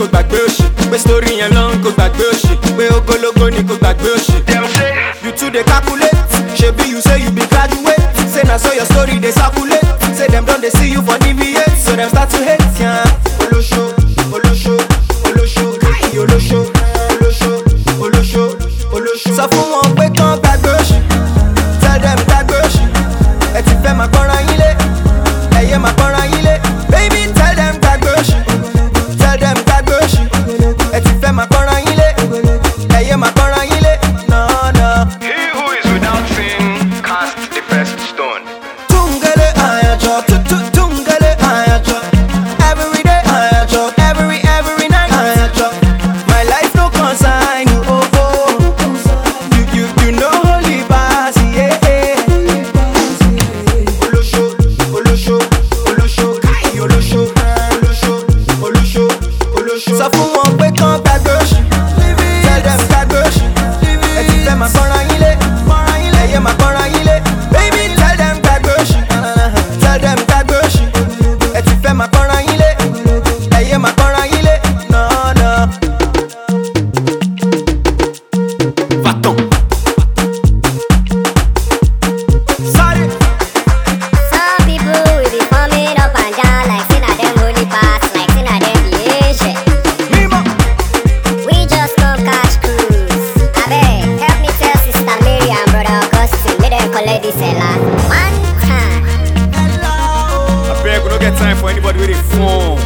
kó gbàgbé òṣì pé story yẹn long kó gbàgbé òṣì pé ogologo ni kó gbàgbé òṣì. you too dey calculate shebi you say you be graduate say na so your story dey circulate say dem don dey see you for deviate so dem start to hate yan. olóṣó olóṣó olóṣó olóṣó olóṣó olóṣó olóṣó sọ fún wọn pé kán gbà. one time. I beg, we don't get time for anybody with a phone.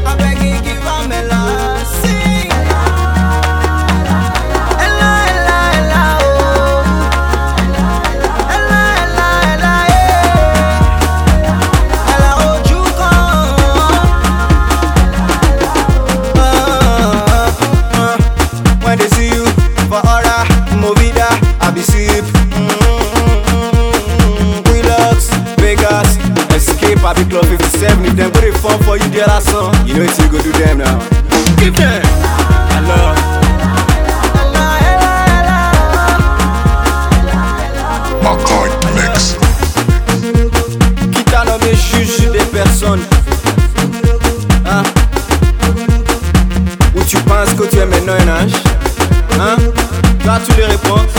club 57 If them go they fall for you, dear son You know it's you go do them now Give them I love Quitte à nommer juge des personnes hein? Ou tu penses que tu es maintenant un ange hein? Tu as toutes les réponses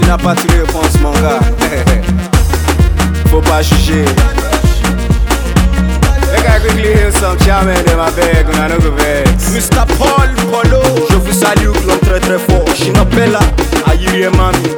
Tu n'as pas toutes les réponses mon gars Faut pas juger the some chairman dem abeg, una no go vex. Mr. Paul Polo, je vous salue, l'homme très très fort, Oshinopela, Ayiri Emami.